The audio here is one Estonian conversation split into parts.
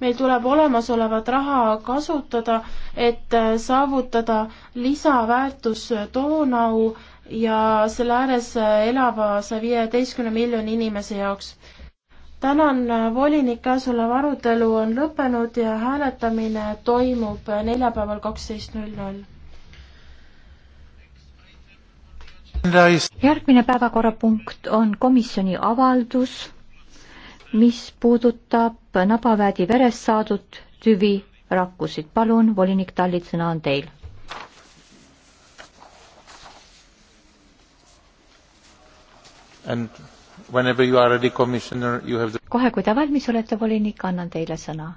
meil tuleb olemasolevat raha kasutada, et äh, saavutada lisaväärtus Donau äh, ja selle ääres äh, elava saja viieteistkümne miljoni inimese jaoks. tänan, volinik, käesolev arutelu on lõppenud ja hääletamine toimub neljapäeval kaksteist null null. järgmine päevakorrapunkt on komisjoni avaldus mis puudutab nabaväedi verest saadud tüvirakkusid. palun, volinik Tallid, sõna on teil. Ready, the... kohe, kui te valmis olete, volinik, annan teile sõna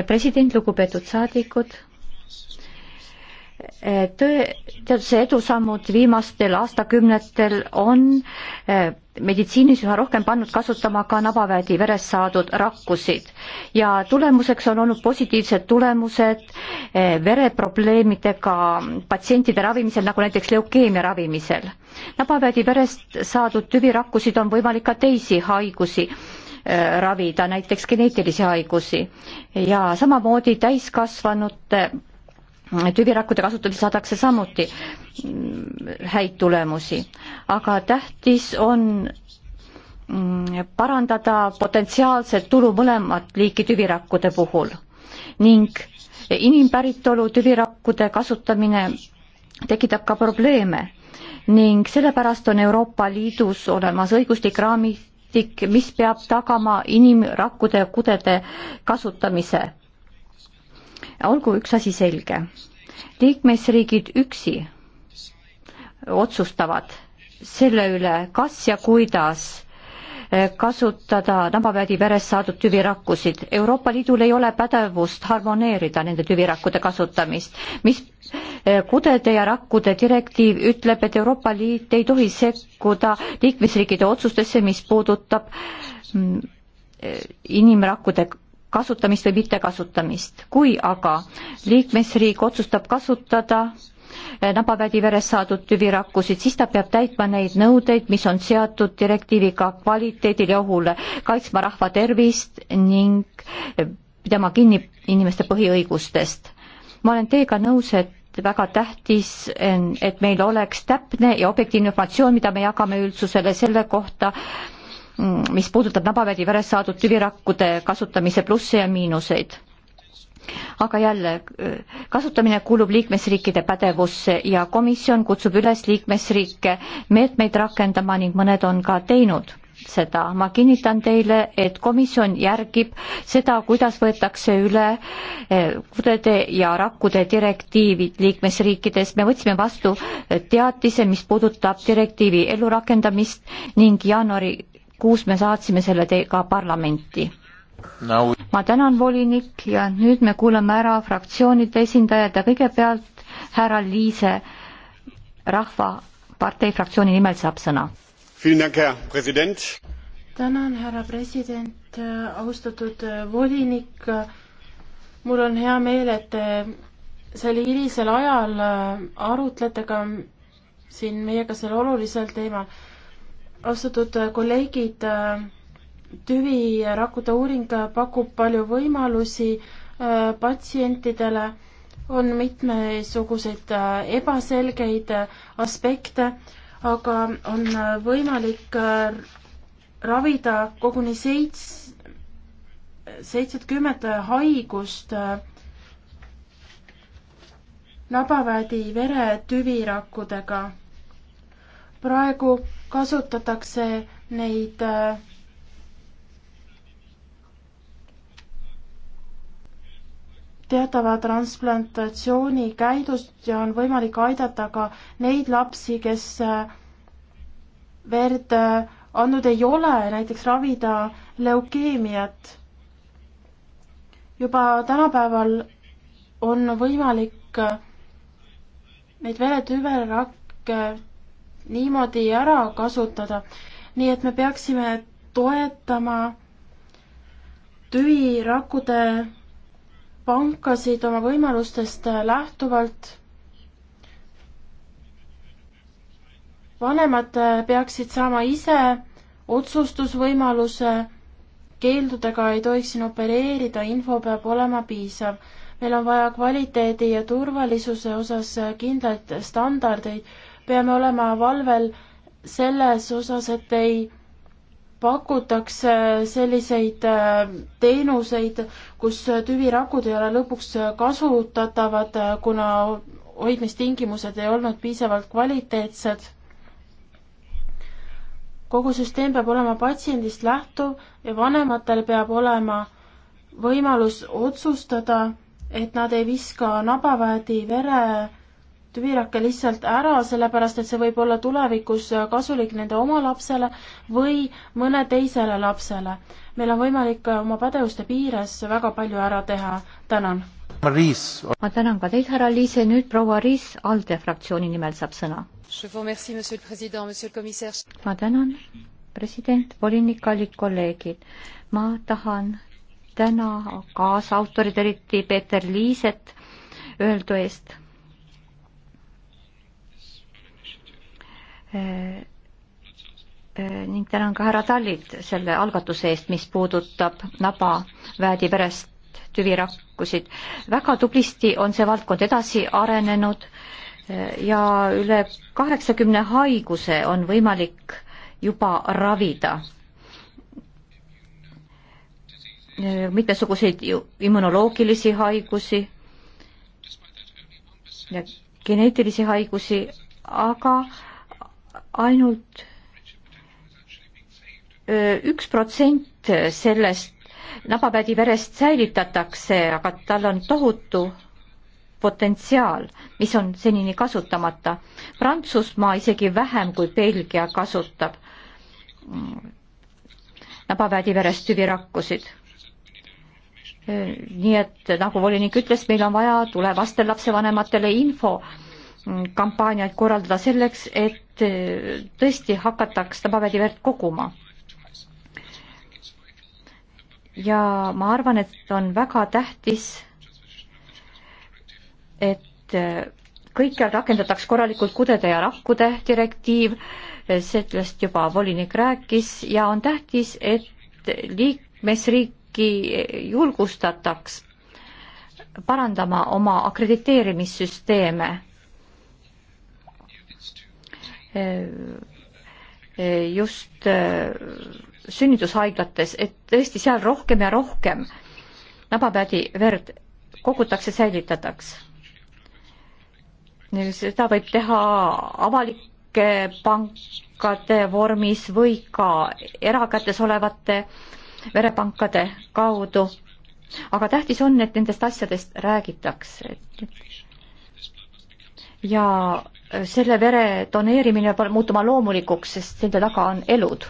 president lugupeetud saadikud töö, teaduse edusammud viimastel aastakümnetel on eh, meditsiinis üha rohkem pannud kasutama ka nabaväedi verest saadud rakkusid ja tulemuseks on olnud positiivsed tulemused eh, vereprobleemidega patsientide ravimisel, nagu näiteks leukeemia ravimisel. nabaväedi verest saadud tüvirakkusid on võimalik ka teisi haigusi eh, ravida, näiteks geneetilisi haigusi ja samamoodi täiskasvanute tüvirakkude kasutamisel saadakse samuti häid tulemusi, aga tähtis on mm, parandada potentsiaalset tulu mõlemat liiki tüvirakkude puhul ning inimpäritolu tüvirakkude kasutamine tekitab ka probleeme ning sellepärast on Euroopa Liidus olemas õiguslik raamistik, mis peab tagama inimrakkude ja kudede kasutamise olgu üks asi selge, liikmesriigid üksi otsustavad selle üle, kas ja kuidas eh, kasutada nabapädi verest saadud tüvirakkusid. Euroopa Liidul ei ole pädevust harmoneerida nende tüvirakkude kasutamist, mis eh, kudede ja rakkude direktiiv ütleb, et Euroopa Liit ei tohi sekkuda liikmesriikide otsustesse, mis puudutab mm, eh, inimrakkude kasutamist või mittekasutamist. kui aga liikmesriik otsustab kasutada eh, nabavädi verest saadud tüvirakkusid, siis ta peab täitma neid nõudeid, mis on seatud direktiiviga kvaliteedile ja ohule, kaitsma rahva tervist ning eh, pidama kinni inimeste põhiõigustest. ma olen teiega nõus, et väga tähtis, et meil oleks täpne ja objektiivne informatsioon, mida me jagame üldsusele selle kohta, Mm, mis puudutab nabavädi verest saadud tüvirakkude kasutamise plusse ja miinuseid. aga jälle, kasutamine kuulub liikmesriikide pädevusse ja komisjon kutsub üles liikmesriike meetmeid rakendama ning mõned on ka teinud seda. ma kinnitan teile, et komisjon järgib seda, kuidas võetakse üle eh, kudede ja rakkude direktiivid liikmesriikides. me võtsime vastu teatise, mis puudutab direktiivi ellurakendamist ning jaanuari kuus me saatsime selle ka parlamenti no.. ma tänan, volinik, ja nüüd me kuulame ära fraktsioonide esindajad ja kõigepealt härra Liise Rahvapartei fraktsiooni nimel saab sõna. tänan, härra president, austatud volinik, mul on hea meel, et te sel hilisel ajal arutlete ka siin meiega sel olulisel teemal austatud äh, kolleegid, äh, tüvirakkude uuring äh, pakub palju võimalusi patsientidele, on mitmesuguseid ebaselgeid aspekte, aga on võimalik ravida koguni seits-, seitsekümmend haigust nabavädi veretüvirakkudega praegu kasutatakse neid äh, teatava transplantatsiooni käidust ja on võimalik aidata ka neid lapsi, kes äh, verd äh, andnud ei ole, näiteks ravida leukeemiat. juba tänapäeval on võimalik neid veretüverakke niimoodi ära kasutada. nii et me peaksime toetama tüvirakkude pankasid oma võimalustest lähtuvalt. vanemad peaksid saama ise otsustusvõimaluse, keeldudega ei tohiks siin opereerida, info peab olema piisav. meil on vaja kvaliteedi ja turvalisuse osas kindlaid standardeid peame olema valvel selles osas, et ei pakutakse äh, selliseid äh, teenuseid, kus äh, tüvirakud ei ole lõpuks kasutatavad, kuna hoidmistingimused ei olnud piisavalt kvaliteetsed. kogu süsteem peab olema patsiendist lähtuv ja vanematel peab olema võimalus otsustada, et nad ei viska nabaväedi vere tüvirake lihtsalt ära, sellepärast et see võib olla tulevikus kasulik nende oma lapsele või mõne teisele lapsele. meil on võimalik oma pädevuste piires väga palju ära teha, tänan. ma tänan ka teid, härra Liis ja nüüd proua Riis ALDE fraktsiooni nimel saab sõna. ma tänan, president, volinik, kallid kolleegid. ma tahan täna kaasautorid, eriti Peeter Liiset, öeldu eest Äh, äh, ning tänan ka härra Tallit selle algatuse eest, mis puudutab nabaväädi perest tüvirakkusid. väga tublisti on see valdkond edasi arenenud äh, ja üle kaheksakümne haiguse on võimalik juba ravida. mitmesuguseid immunoloogilisi haigusi ja geneetilisi haigusi, aga ainult üks protsent sellest nabapädi verest säilitatakse, aga tal on tohutu potentsiaal, mis on senini kasutamata. Prantsusmaa isegi vähem kui Belgia kasutab mm, nabapädi verest tüvirakkusid. nii et nagu volinik ütles, meil on vaja tulevastel lapsevanematele info äh, kampaaniaid korraldada selleks, et eh, tõesti hakataks tabavägi verd koguma. ja ma arvan, et on väga tähtis, et eh, kõikjal rakendataks korralikult kudede ja rakkude direktiiv, eh, sellest juba volinik rääkis ja on tähtis, et liikmesriiki julgustataks parandama oma akrediteerimissüsteeme Äh, äh, just äh, sünnitushaiglates, et tõesti seal rohkem ja rohkem nabapädi verd kogutakse, säilitataks. seda võib teha avalike pankade vormis või ka erakätes olevate verepankade kaudu. aga tähtis on, et nendest asjadest räägitakse. ja selle vere doneerimine peab muutuma loomulikuks, sest nende taga on elud.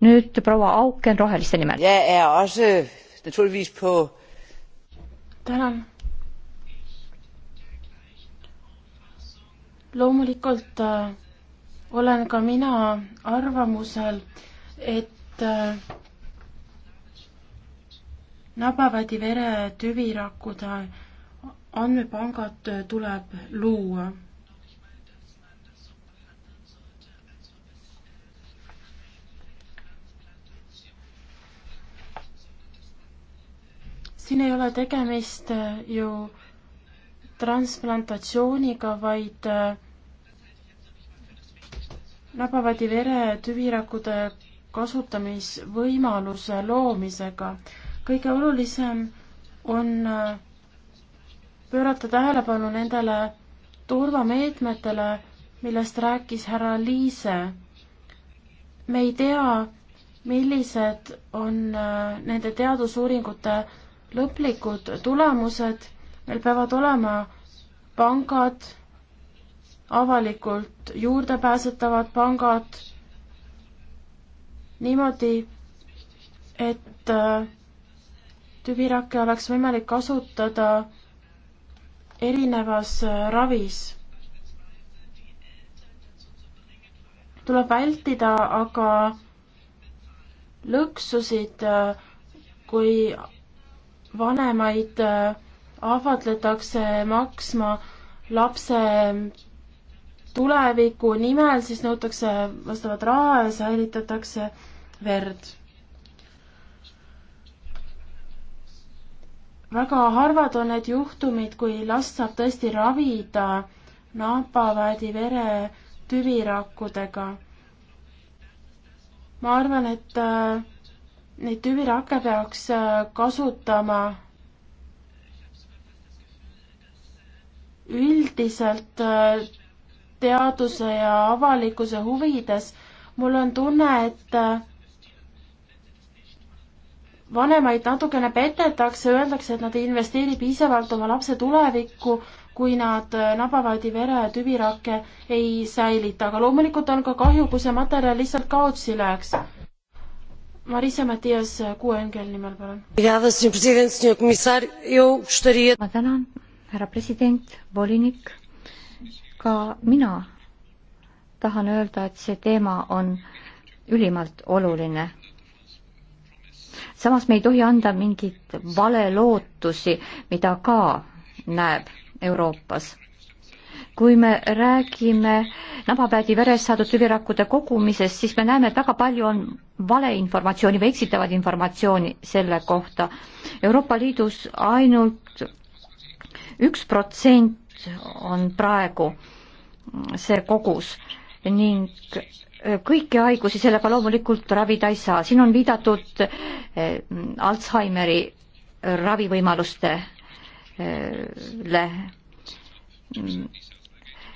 nüüd proua Auken Roheliste nimel. Er tänan. loomulikult äh, olen ka mina arvamusel, et äh, nabavädi vere tüvirakkude andmepangad tuleb luua siin ei ole tegemist äh, ju transplantatsiooniga, vaid äh, läbavadi vere tüvirakkude kasutamisvõimaluse loomisega. kõige olulisem on äh, pöörata tähelepanu nendele turvameetmetele, millest rääkis härra Liise. me ei tea, millised on nende teadusuuringute lõplikud tulemused, meil peavad olema pangad, avalikult juurdepääsetavad pangad, niimoodi, et äh, tüvirakke oleks võimalik kasutada erinevas äh, ravis. tuleb vältida aga lõksusid, äh, kui vanemaid äh, ahvatletakse maksma lapse tuleviku nimel, siis nõutakse vastavat raha ja säilitatakse verd. väga harvad on need juhtumid, kui last saab tõesti ravida napaväedi vere tüvirakkudega. ma arvan, et äh, Neid tüvirakke peaks äh, kasutama üldiselt äh, teaduse ja avalikkuse huvides. mul on tunne, et äh, vanemaid natukene petetakse, öeldakse, et nad ei investeeri piisavalt oma lapse tulevikku, kui nad nabavaadi vere ja tüvirakke ei säilita, aga loomulikult on ka kahju, kui see materjal lihtsalt kaotsi läheks. Marisa Matias QNGL äh, nimel, palun. ma tänan, härra president, volinik. ka mina tahan öelda, et see teema on ülimalt oluline. samas me ei tohi anda mingeid valelootusi, mida ka näeb Euroopas kui me räägime nabapäädi verest saadud tüvirakkude kogumisest, siis me näeme, et väga palju on valeinformatsiooni või eksitavat informatsiooni selle kohta. Euroopa Liidus ainult üks protsent on praegu see kogus ning kõiki haigusi sellega loomulikult ravida ei saa. siin on viidatud eh, Alžeimeri ravivõimalustele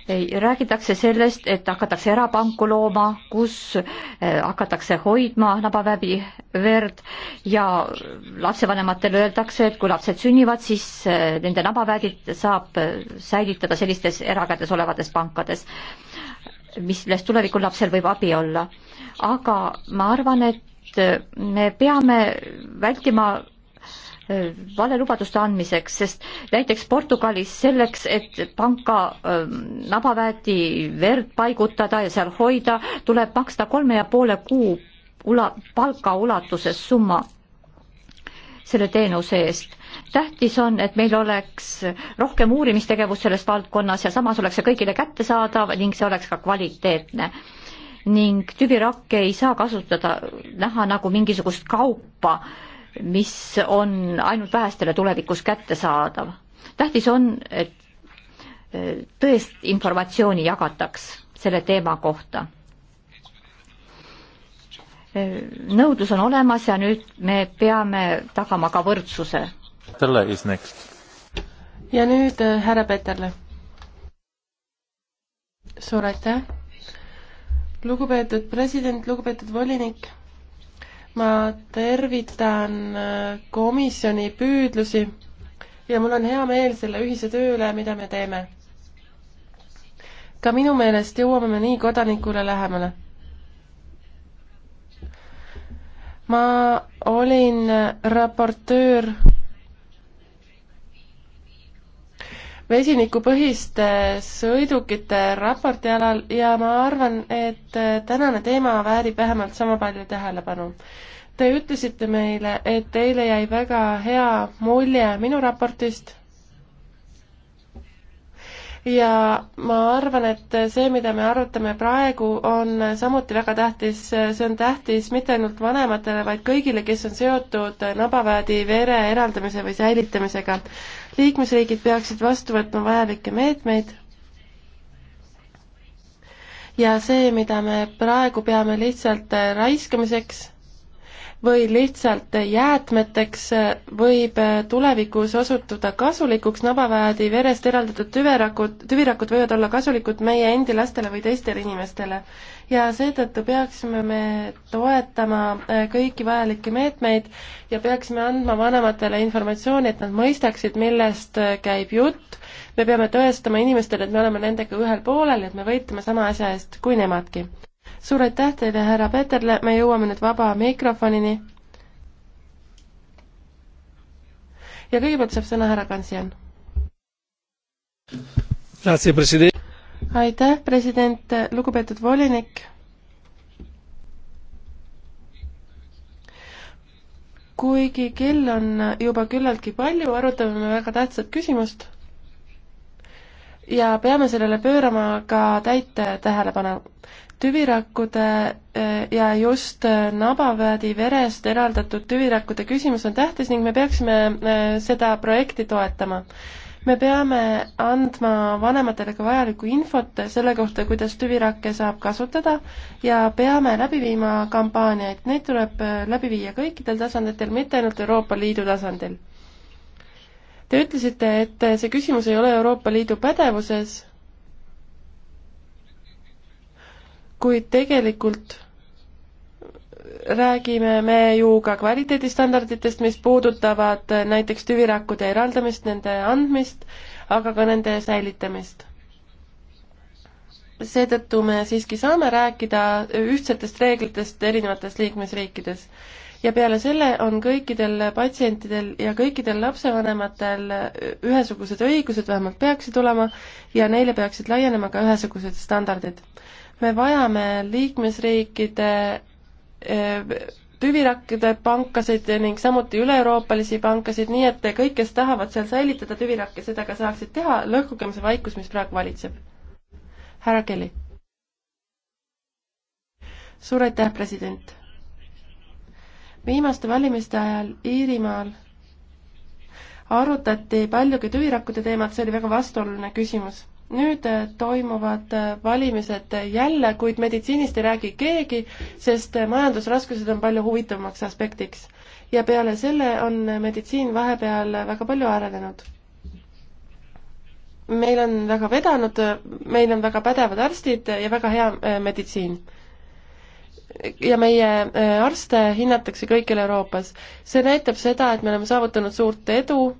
räägitakse sellest, et hakatakse erapanku looma, kus eh, hakatakse hoidma nabavävi verd ja lapsevanematele öeldakse, et kui lapsed sünnivad, siis eh, nende nabaväedid saab eh, säilitada sellistes erakätes olevates pankades, mis, millest tulevikul lapsel võib abi olla. aga ma arvan, et me peame vältima valelubaduste andmiseks, sest näiteks Portugalis selleks, et panka ähm, nabaväeti verd paigutada ja seal hoida, tuleb maksta kolme ja poole kuu ula-, palka ulatuses summa selle teenuse eest. tähtis on, et meil oleks rohkem uurimistegevust selles valdkonnas ja samas oleks see kõigile kättesaadav ning see oleks ka kvaliteetne ning tüvirakke ei saa kasutada, näha nagu mingisugust kaupa mis on ainult vähestele tulevikus kättesaadav. tähtis on, et eh, tõest informatsiooni jagataks selle teema kohta. Eh, nõudlus on olemas ja nüüd me peame tagama ka võrdsuse. ja nüüd eh, härra Peterle. suur aitäh! lugupeetud president, lugupeetud volinik ma tervitan äh, komisjoni püüdlusi ja mul on hea meel selle ühise töö üle, mida me teeme. ka minu meelest jõuame me nii kodanikule lähemale. ma olin raportöör vesinikupõhiste sõidukite raporti alal ja ma arvan, et äh, tänane teema väärib vähemalt sama palju tähelepanu. Te ütlesite meile, et teile jäi väga hea mulje minu raportist ja ma arvan, et see, mida me arutame praegu, on samuti väga tähtis, see on tähtis mitte ainult vanematele, vaid kõigile, kes on seotud nabaväedi vere eraldamise või säilitamisega. liikmesriigid peaksid vastu võtma vajalikke meetmeid ja see, mida me praegu peame lihtsalt raiskamiseks või lihtsalt jäätmeteks, võib tulevikus osutuda kasulikuks, nabaväädi verest eraldatud tüverakud, tüvirakud võivad olla kasulikud meie endi lastele või teistele inimestele. ja seetõttu peaksime me toetama äh, kõiki vajalikke meetmeid ja peaksime andma vanematele informatsiooni, et nad mõistaksid, millest äh, käib jutt, me peame tõestama inimestele, et me oleme nendega ühel poolel, et me võitleme sama asja eest kui nemadki suur aitäh teile, härra Peterle, me jõuame nüüd vaba mikrofonini. ja kõigepealt saab sõna härra Kansian. aitäh, president, lugupeetud volinik kuigi kell on juba küllaltki palju, arutame me väga tähtsat küsimust ja peame sellele pöörama ka täit tähelepanu tüvirakkude eh, ja just eh, nabaväädi verest eraldatud tüvirakkude küsimus on tähtis ning me peaksime eh, seda projekti toetama. me peame andma vanematele ka vajalikku infot selle kohta, kuidas tüvirakke saab kasutada ja peame läbi viima kampaaniaid, neid tuleb läbi viia kõikidel tasanditel, mitte ainult Euroopa Liidu tasandil. Te ütlesite, et see küsimus ei ole Euroopa Liidu pädevuses kuid tegelikult räägime me ju ka kvaliteedistandarditest, mis puudutavad näiteks tüvirakkude eraldamist, nende andmist, aga ka nende säilitamist. seetõttu me siiski saame rääkida ühtsetest reeglitest erinevates liikmesriikides. ja peale selle on kõikidel patsientidel ja kõikidel lapsevanematel ühesugused õigused, vähemalt peaksid olema, ja neile peaksid laienema ka ühesugused standardid me vajame liikmesriikide eh, tüvirakkide pankasid ning samuti üle-euroopalisi pankasid, nii et kõik, kes tahavad seal säilitada tüvirakke, seda ka saaksid teha, lõhkugem see vaikus, mis praegu valitseb. härra Kelly. suur aitäh, president. viimaste valimiste ajal Iirimaal arutati paljugi tüvirakkude teemat, see oli väga vastuoluline küsimus nüüd äh, toimuvad äh, valimised jälle, kuid meditsiinist ei räägi keegi, sest äh, majandusraskused on palju huvitavamaks aspektiks. ja peale selle on meditsiin vahepeal väga palju arenenud. meil on väga vedanud, meil on väga pädevad arstid ja väga hea meditsiin ja meie arste hinnatakse kõikjal Euroopas. see näitab seda, et me oleme saavutanud suurt edu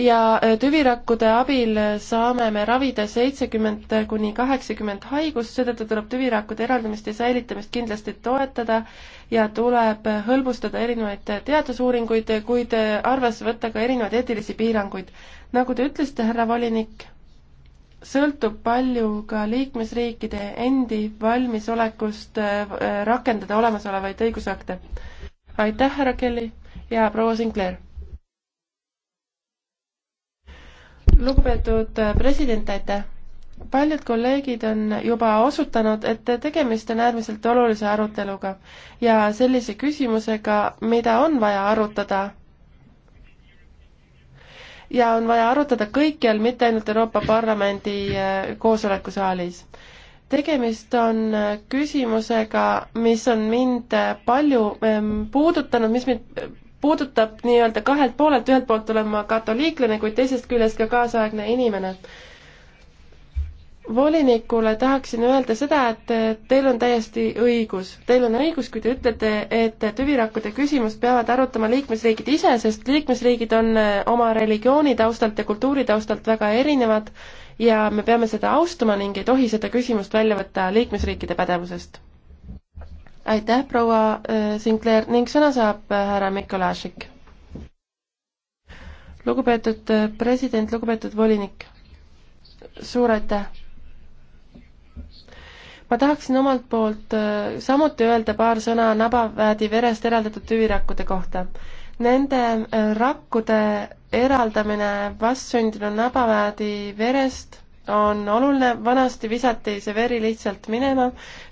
ja äh, tüvirakkude abil saame me ravida seitsekümmend kuni kaheksakümmend haigust, seetõttu tuleb tüvirakkude eraldamist ja säilitamist kindlasti toetada ja tuleb hõlbustada erinevaid teadusuuringuid, kuid äh, arvesse võtta ka erinevaid eetilisi piiranguid. nagu te ütlesite, härra volinik, sõltub palju ka liikmesriikide endi valmisolekust äh, rakendada olemasolevaid õigusakte. aitäh, härra Kelly ja proua Sinclair! lugupeetud äh, president, aitäh! paljud kolleegid on juba osutanud, et tegemist on äärmiselt olulise aruteluga ja sellise küsimusega, mida on vaja arutada. ja on vaja arutada kõikjal, mitte ainult Euroopa Parlamendi äh, koosolekusaalis. tegemist on äh, küsimusega, mis on mind palju ähm, puudutanud, mis mind puudutab nii-öelda kahelt poolelt, ühelt poolt olen ma katoliiklane, kuid teisest küljest ka kaasaegne inimene. volinikule tahaksin öelda seda, et teil on täiesti õigus, teil on õigus, kui te ütlete, et tüvirakkude küsimust peavad arutama liikmesriigid ise, sest liikmesriigid on äh, oma religiooni taustalt ja kultuuri taustalt väga erinevad ja me peame seda austama ning ei tohi seda küsimust välja võtta liikmesriikide pädevusest aitäh, proua äh, Sinclair ning sõna saab äh, härra Mikolašik. lugupeetud äh, president, lugupeetud volinik, suur aitäh! ma tahaksin omalt poolt samuti öelda paar sõna nabaväädi verest eraldatud tüvirakkude kohta. Nende rakkude eraldamine vastsündinu nabaväädi verest on oluline, vanasti visati see veri lihtsalt minema,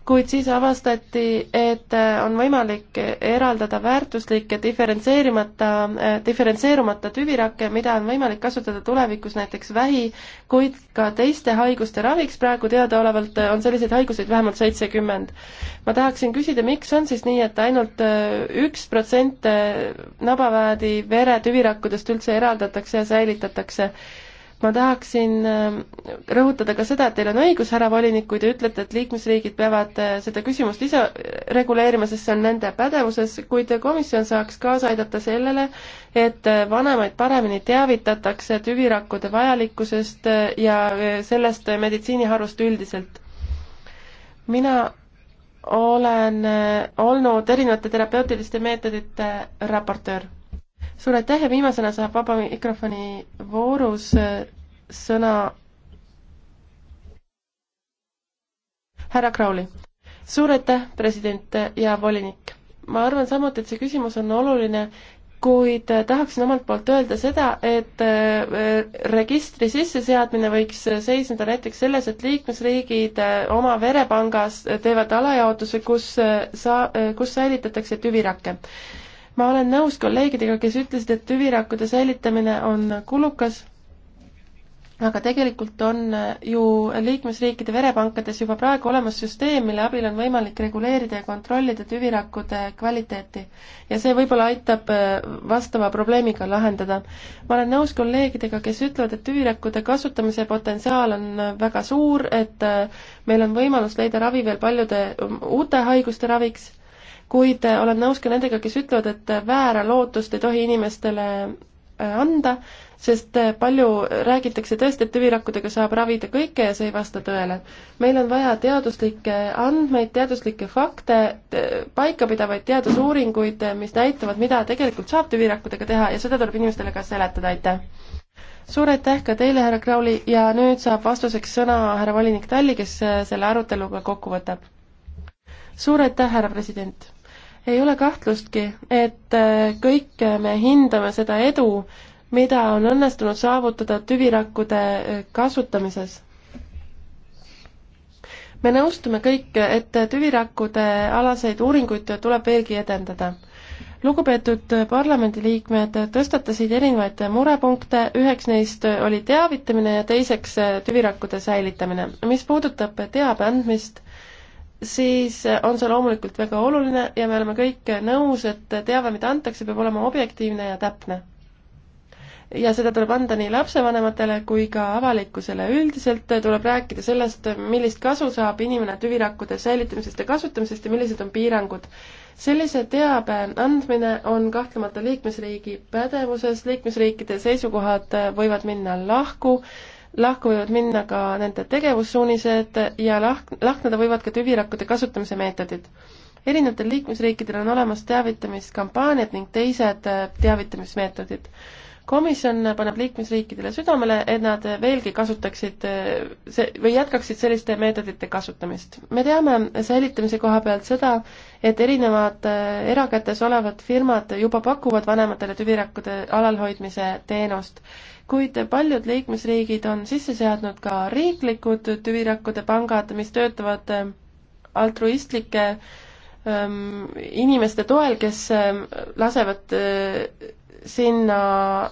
kuid siis avastati, et äh, on võimalik eraldada väärtuslikke diferentseerimata, äh, diferentseerumata tüvirakke, mida on võimalik kasutada tulevikus näiteks vähi, kuid ka teiste haiguste raviks, praegu teadaolevalt äh, on selliseid haiguseid vähemalt seitsekümmend. ma tahaksin küsida, miks on siis nii, et ainult üks protsent nabaväädi veretüvirakkudest üldse eraldatakse ja säilitatakse? ma tahaksin äh, rõhutada ka seda, et teil on õigus, härra volinik, kui te ütlete, et liikmesriigid peavad äh, seda küsimust ise äh, reguleerima, sest see on nende pädevuses, kuid komisjon saaks kaasa aidata sellele, et vanemaid paremini teavitatakse tüvirakkude vajalikkusest ja sellest meditsiiniharust üldiselt. mina olen olnud erinevate terapeutiliste meetodite raportöör suur aitäh ja viimasena saab vaba mikrofoni voorus äh, sõna härra Crowley. suur aitäh, president ja volinik. ma arvan samuti, et see küsimus on oluline, kuid äh, tahaksin omalt poolt öelda seda, et äh, registri sisseseadmine võiks seisneda näiteks selles, et liikmesriigid oma verepangas teevad alajaotuse, kus sa-, kus säilitatakse tüvirakke ma olen nõus kolleegidega, kes ütlesid, et tüvirakkude säilitamine on kulukas, aga tegelikult on ju liikmesriikide verepankades juba praegu olemas süsteem, mille abil on võimalik reguleerida ja kontrollida tüvirakkude kvaliteeti. ja see võib-olla aitab äh, vastava probleemiga lahendada. ma olen nõus kolleegidega, kes ütlevad, et tüvirakkude kasutamise potentsiaal on väga suur, et äh, meil on võimalus leida ravi veel paljude uute haiguste raviks kuid äh, olen nõus ka nendega, kes ütlevad, et äh, väära lootust ei tohi inimestele äh, anda, sest palju räägitakse tõesti, et tüvirakkudega saab ravida kõike ja see ei vasta tõele. meil on vaja teaduslikke andmeid, teaduslikke fakte, paikapidavaid teadusuuringuid, mis näitavad, mida tegelikult saab tüvirakkudega teha ja seda tuleb inimestele ka seletada, aitäh! suur aitäh ka teile, härra Krauli, ja nüüd saab vastuseks sõna härra volinik Talli, kes selle aruteluga kokku võtab. suur aitäh, härra president! ei ole kahtlustki, et äh, kõik me hindame seda edu, mida on õnnestunud saavutada tüvirakkude äh, kasutamises. me nõustume kõik, et tüvirakkude alaseid uuringuid tuleb veelgi edendada. lugupeetud parlamendiliikmed tõstatasid erinevaid murepunkte, üheks neist oli teavitamine ja teiseks tüvirakkude säilitamine. mis puudutab teabe andmist, siis on see loomulikult väga oluline ja me oleme kõik nõus, et teave, mida antakse, peab olema objektiivne ja täpne. ja seda tuleb anda nii lapsevanematele kui ka avalikkusele. üldiselt tuleb rääkida sellest, millist kasu saab inimene tüvirakkude säilitamisest ja kasutamisest ja millised on piirangud. sellise teabe andmine on kahtlemata liikmesriigi pädevuses, liikmesriikide seisukohad võivad minna lahku lahku võivad minna ka nende tegevussuunised ja lahk-, lahkneda võivad ka tüvirakkude kasutamise meetodid. erinevatel liikmesriikidel on olemas teavitamiskampaaniad ning teised äh, teavitamismeetodid. komisjon paneb liikmesriikidele südamele, et nad veelgi kasutaksid äh, see, või jätkaksid selliste meetodite kasutamist. me teame säilitamise koha pealt seda, et erinevad äh, erakätes olevad firmad juba pakuvad vanematele tüvirakkude alalhoidmise teenust kuid paljud liikmesriigid on sisse seadnud ka riiklikud tüvirakkude pangad, mis töötavad ähm, altruistlike ähm, inimeste toel, kes ähm, lasevad äh, sinna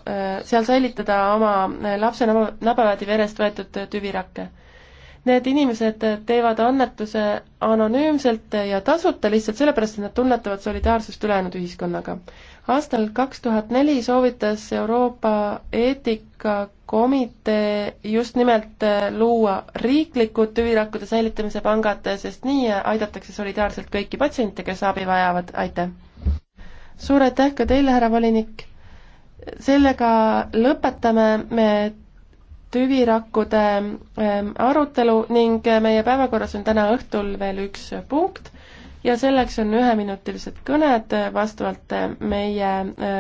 äh,, seal säilitada oma äh, lapse nabalaadi verest võetud äh, tüvirakke. Need inimesed äh, teevad annetuse anonüümselt ja tasuta lihtsalt sellepärast, et nad tunnetavad solidaarsust ülejäänud ühiskonnaga aastal kaks tuhat neli soovitas Euroopa Eetikakomitee just nimelt äh, luua riiklikud tüvirakkude säilitamise pangad, sest nii äh, aidatakse solidaarselt kõiki patsiente, kes abi vajavad, aitäh! suur aitäh ka teile, härra volinik! sellega lõpetame me tüvirakkude ähm, arutelu ning äh, meie päevakorras on täna õhtul veel üks punkt ja selleks on üheminutilised kõned eh, vastavalt eh, meie eh,